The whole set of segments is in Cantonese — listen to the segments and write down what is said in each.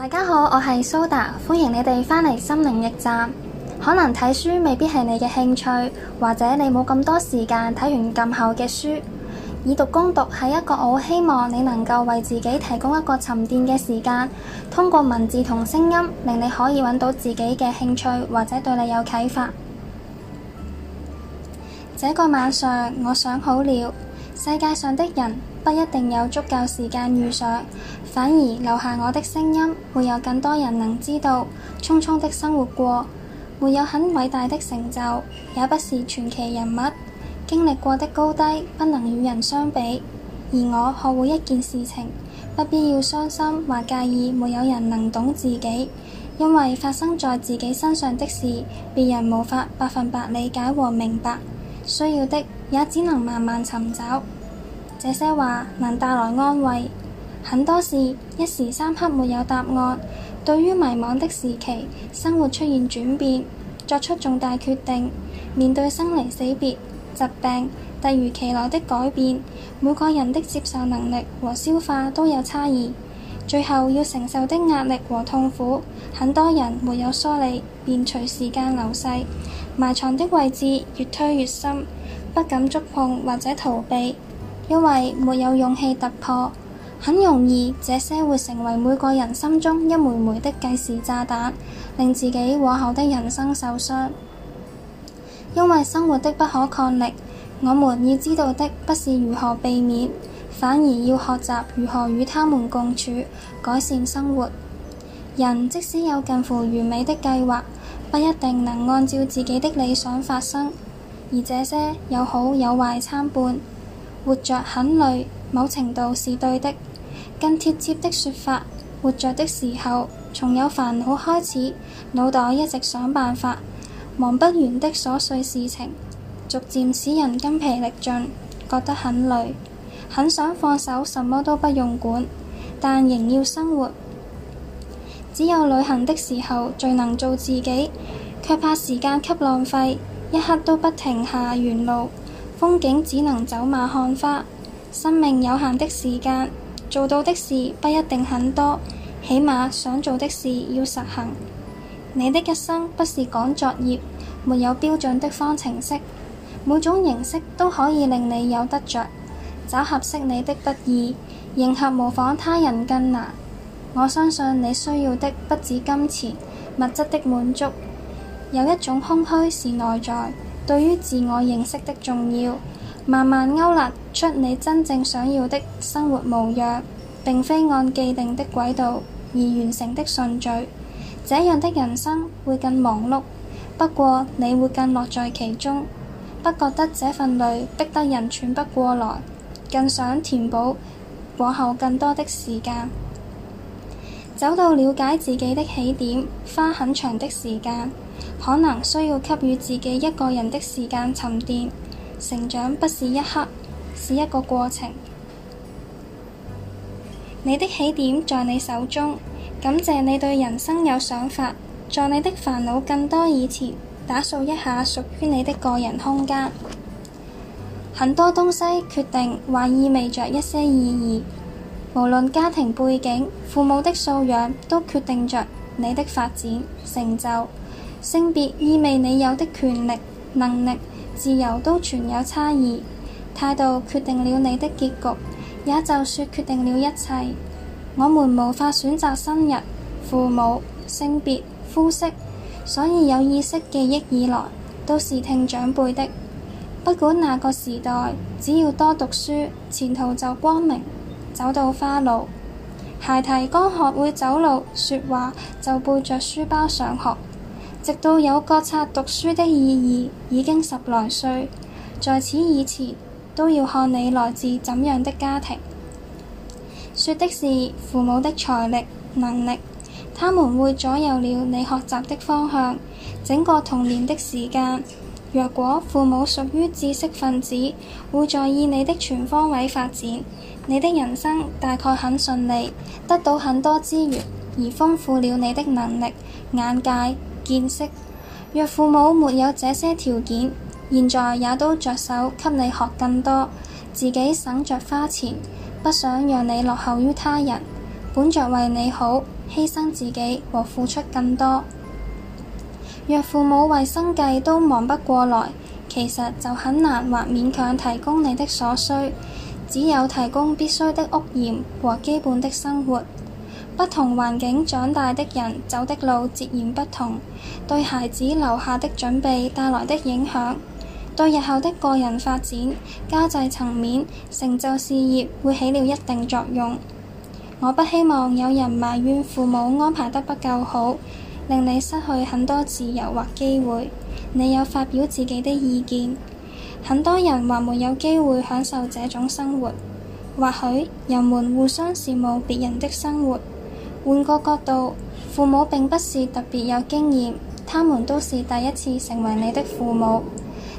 大家好，我係蘇達，歡迎你哋翻嚟心靈驛站。可能睇書未必係你嘅興趣，或者你冇咁多時間睇完咁厚嘅書。以讀攻獨係一個我好希望你能夠為自己提供一個沉澱嘅時間，通過文字同聲音，令你可以揾到自己嘅興趣，或者對你有啟發。這個晚上我想好了，世界上的人不一定有足夠時間遇上。反而留下我的聲音，會有更多人能知道。匆匆的生活過，沒有很偉大的成就，也不是傳奇人物。經歷過的高低，不能與人相比。而我學會一件事情，不必要傷心或介意，沒有人能懂自己，因為發生在自己身上的事，別人無法百分百理解和明白。需要的也只能慢慢尋找。這些話能帶來安慰。很多事一時三刻沒有答案，對於迷茫的時期、生活出現轉變、作出重大決定、面對生離死別、疾病、突如其來的改變，每個人的接受能力和消化都有差異。最後要承受的壓力和痛苦，很多人沒有梳理，便隨時間流逝，埋藏的位置越推越深，不敢觸碰或者逃避，因為沒有勇氣突破。很容易，這些會成為每個人心中一枚枚的計時炸彈，令自己往後的人生受傷。因為生活的不可抗力，我們要知道的不是如何避免，反而要學習如何與他們共處，改善生活。人即使有近乎完美的計劃，不一定能按照自己的理想發生，而這些有好有壞參半，活着很累，某程度是對的。更貼切的說法，活着的時候，從有煩惱開始，腦袋一直想辦法，忙不完的瑣碎事情，逐漸使人筋疲力盡，覺得很累，很想放手，什麼都不用管，但仍要生活。只有旅行的時候，最能做自己，卻怕時間給浪費，一刻都不停下沿路風景，只能走馬看花。生命有限的時間。做到的事不一定很多，起碼想做的事要實行。你的一生不是趕作業，沒有標準的方程式，每種形式都可以令你有得着。找合適你的不易，迎合模仿他人更難。我相信你需要的不止金錢、物質的滿足，有一種空虛是內在，對於自我認識的重要。慢慢勾勒出你真正想要的生活模樣，並非按既定的軌道而完成的順序。這樣的人生會更忙碌，不過你會更樂在其中，不覺得這份累逼得人喘不過來，更想填補往後更多的時間。走到了解自己的起點，花很長的時間，可能需要給予自己一個人的時間沉澱。成長不是一刻，是一個過程。你的起點在你手中。感謝你對人生有想法，在你的煩惱更多以前，打掃一下屬於你的個人空間。很多東西決定，還意味着一些意義。無論家庭背景、父母的素養，都決定着你的發展成就。性別意味你有的權力、能力。自由都存有差異，態度決定了你的結局，也就說決定了一切。我們無法選擇生日、父母、性別、膚色，所以有意識記憶以來，都是聽長輩的。不管哪個時代，只要多讀書，前途就光明。走到花路，孩提剛學會走路、說話，就背着書包上學。直到有覺察讀書的意義已經十來歲。在此以前都要看你來自怎樣的家庭。說的是父母的財力能力，他們會左右了你學習的方向。整個童年的時間，若果父母屬於知識分子，會在意你的全方位發展，你的人生大概很順利，得到很多資源而豐富了你的能力眼界。見識，若父母沒有這些條件，現在也都着手給你學更多，自己省着花錢，不想讓你落後於他人，本着為你好，犧牲自己和付出更多。若父母為生計都忙不過來，其實就很難或勉強提供你的所需，只有提供必需的屋檐和基本的生活。不同環境長大的人走的路截然不同，對孩子留下的準備帶來的影響，對日後的個人發展、交際層面成就事業會起了一定作用。我不希望有人埋怨父母安排得不夠好，令你失去很多自由或機會。你有發表自己的意見，很多人還沒有機會享受這種生活。或許人們互相羨慕別人的生活。換個角度，父母並不是特別有經驗，他們都是第一次成為你的父母。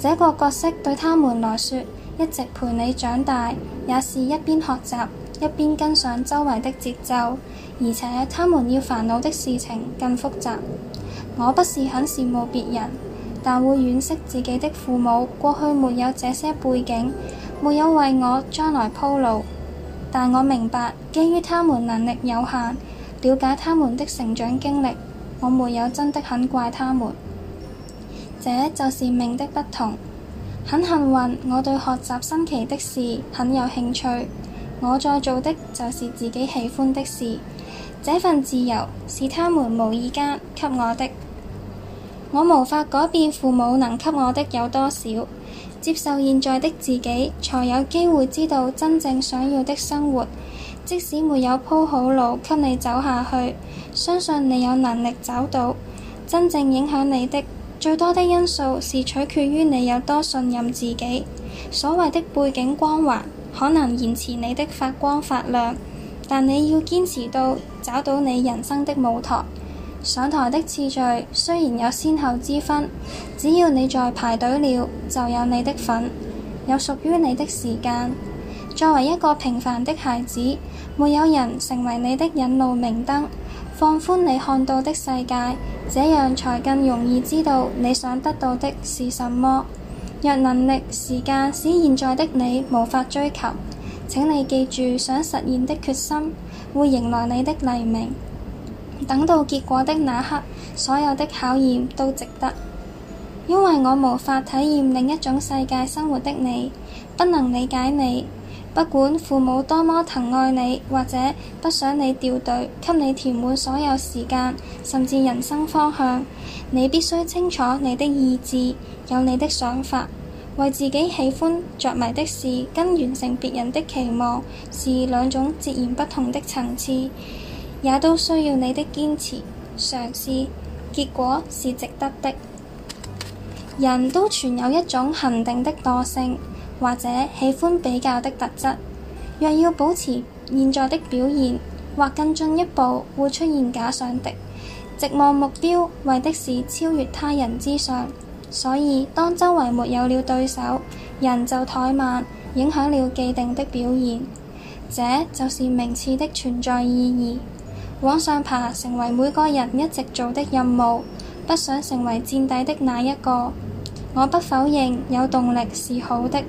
這個角色對他們來說，一直陪你長大，也是一邊學習一邊跟上周圍的節奏。而且他們要煩惱的事情更複雜。我不是很羨慕別人，但會惋惜自己的父母過去沒有這些背景，沒有為我將來鋪路。但我明白，基於他們能力有限。了解他們的成長經歷，我沒有真的很怪他們。這就是命的不同。很幸運我對學習新奇的事很有興趣。我在做的就是自己喜歡的事。這份自由是他們無意間給我的。我無法改變父母能給我的有多少。接受現在的自己，才有機會知道真正想要的生活。即使沒有鋪好路給你走下去，相信你有能力找到真正影響你的最多的因素是取決於你有多信任自己。所謂的背景光環可能延遲你的發光發亮，但你要堅持到找到你人生的舞台。上台的次序雖然有先後之分，只要你在排隊了，就有你的份，有屬於你的時間。作為一個平凡的孩子。沒有人成為你的引路明燈，放寬你看到的世界，這樣才更容易知道你想得到的是什麼。若能力、時間使現在的你無法追求，請你記住想實現的決心，會迎來你的黎明。等到結果的那刻，所有的考驗都值得，因為我無法體驗另一種世界生活的你，不能理解你。不管父母多麼疼愛你，或者不想你掉隊，給你填滿所有時間，甚至人生方向，你必須清楚你的意志，有你的想法，為自己喜歡着迷的事，跟完成別人的期望，是兩種截然不同的層次，也都需要你的堅持、嘗試，結果是值得的。人都存有一種恒定的惰性。或者喜歡比較的特質，若要保持現在的表現，或更進一步會出現假想敵，直望目標為的是超越他人之上。所以當周圍沒有了對手，人就怠慢，影響了既定的表現，這就是名次的存在意義，往上爬成為每個人一直做的任務，不想成為墊底的那一個。我不否認有動力是好的，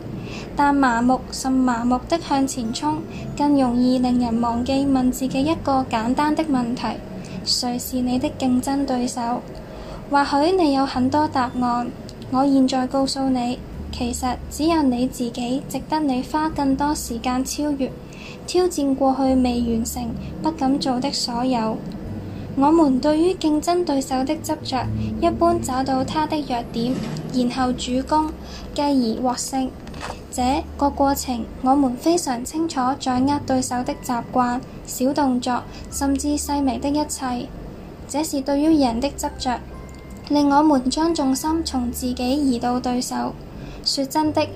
但麻木甚麻木的向前衝更容易令人忘記問自己一個簡單的問題：誰是你的競爭對手？或許你有很多答案，我現在告訴你，其實只有你自己值得你花更多時間超越、挑戰過去未完成、不敢做的所有。我們對於競爭對手的執著，一般找到他的弱點，然後主攻，繼而獲勝。這個過程，我們非常清楚掌握對手的習慣、小動作，甚至細微的一切。這是對於人的執著，令我們將重心從自己移到對手。說真的，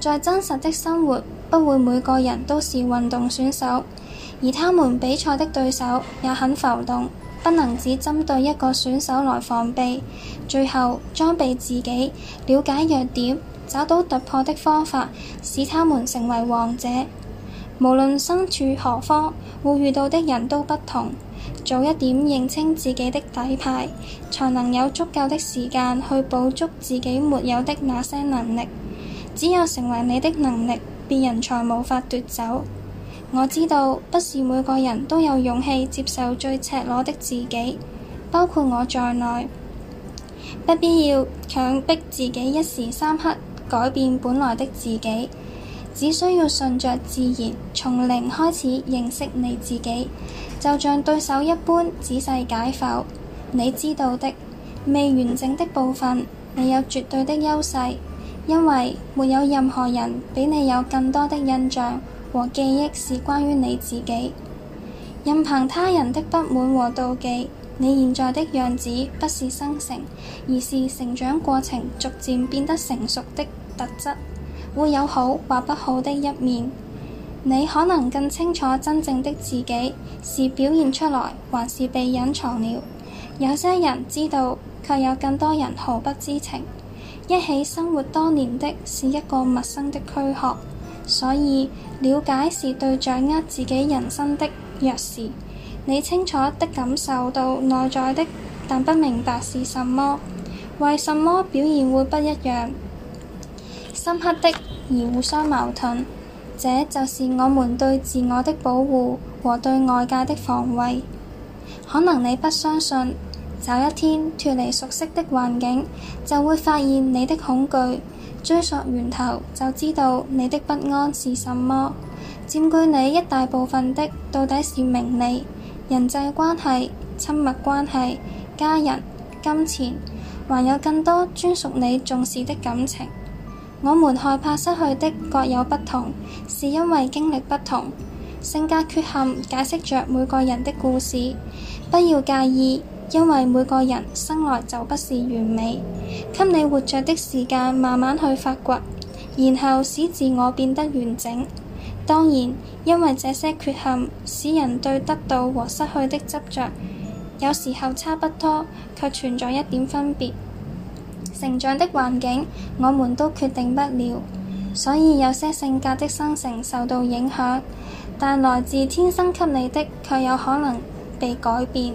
在真實的生活，不會每個人都是運動選手，而他們比賽的對手也很浮動。不能只針對一個選手來防備，最後裝備自己，了解弱點，找到突破的方法，使他們成為王者。無論身處何方，會遇到的人都不同。早一點認清自己的底牌，才能有足夠的時間去補足自己沒有的那些能力。只有成為你的能力，別人才無法奪走。我知道不是每個人都有勇氣接受最赤裸的自己，包括我在內。不必要強迫自己一時三刻改變本來的自己，只需要順着自然，從零開始認識你自己，就像對手一般仔細解剖。你知道的，未完整的部分，你有絕對的優勢，因為沒有任何人比你有更多的印象。和記憶是關於你自己，任憑他人的不滿和妒忌，你現在的樣子不是生成，而是成長過程逐漸變得成熟的特質，會有好或不好的一面。你可能更清楚真正的自己是表現出來，還是被隱藏了。有些人知道，卻有更多人毫不知情。一起生活多年的是一個陌生的軀殼。所以，了解是對掌握自己人生的鑰匙。你清楚的感受到內在的，但不明白是什麼，為什麼表現會不一樣。深刻的而互相矛盾。這就是我們對自我的保護和對外界的防衛。可能你不相信，找一天脫離熟悉的環境，就會發現你的恐懼。追索源頭，就知道你的不安是什麼，佔據你一大部分的到底是名利、人際關係、親密關係、家人、金錢，還有更多專屬你重視的感情。我們害怕失去的各有不同，是因為經歷不同，性格缺陷解釋着每個人的故事。不要介意。因為每個人生來就不是完美，給你活着的時間慢慢去發掘，然後使自我變得完整。當然，因為這些缺憾，使人對得到和失去的執着有時候差不多，卻存在一點分別。成長的環境，我們都決定不了，所以有些性格的生成受到影響，但來自天生給你的，卻有可能。被改變，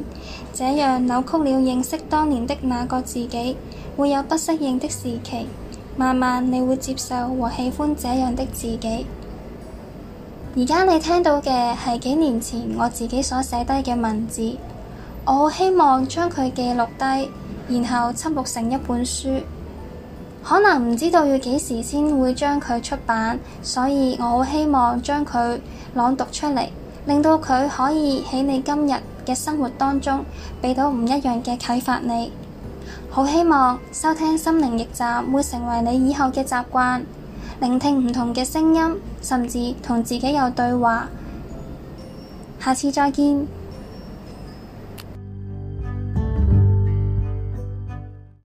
這樣扭曲了認識當年的那個自己，會有不適應的時期。慢慢你會接受和喜歡這樣的自己。而家你聽到嘅係幾年前我自己所寫低嘅文字，我好希望將佢記錄低，然後輯錄成一本書。可能唔知道要幾時先會將佢出版，所以我好希望將佢朗讀出嚟，令到佢可以喺你今日。嘅生活當中，畀到唔一樣嘅啟發你。好希望收聽心靈驛站會成為你以後嘅習慣，聆聽唔同嘅聲音，甚至同自己有對話。下次再見。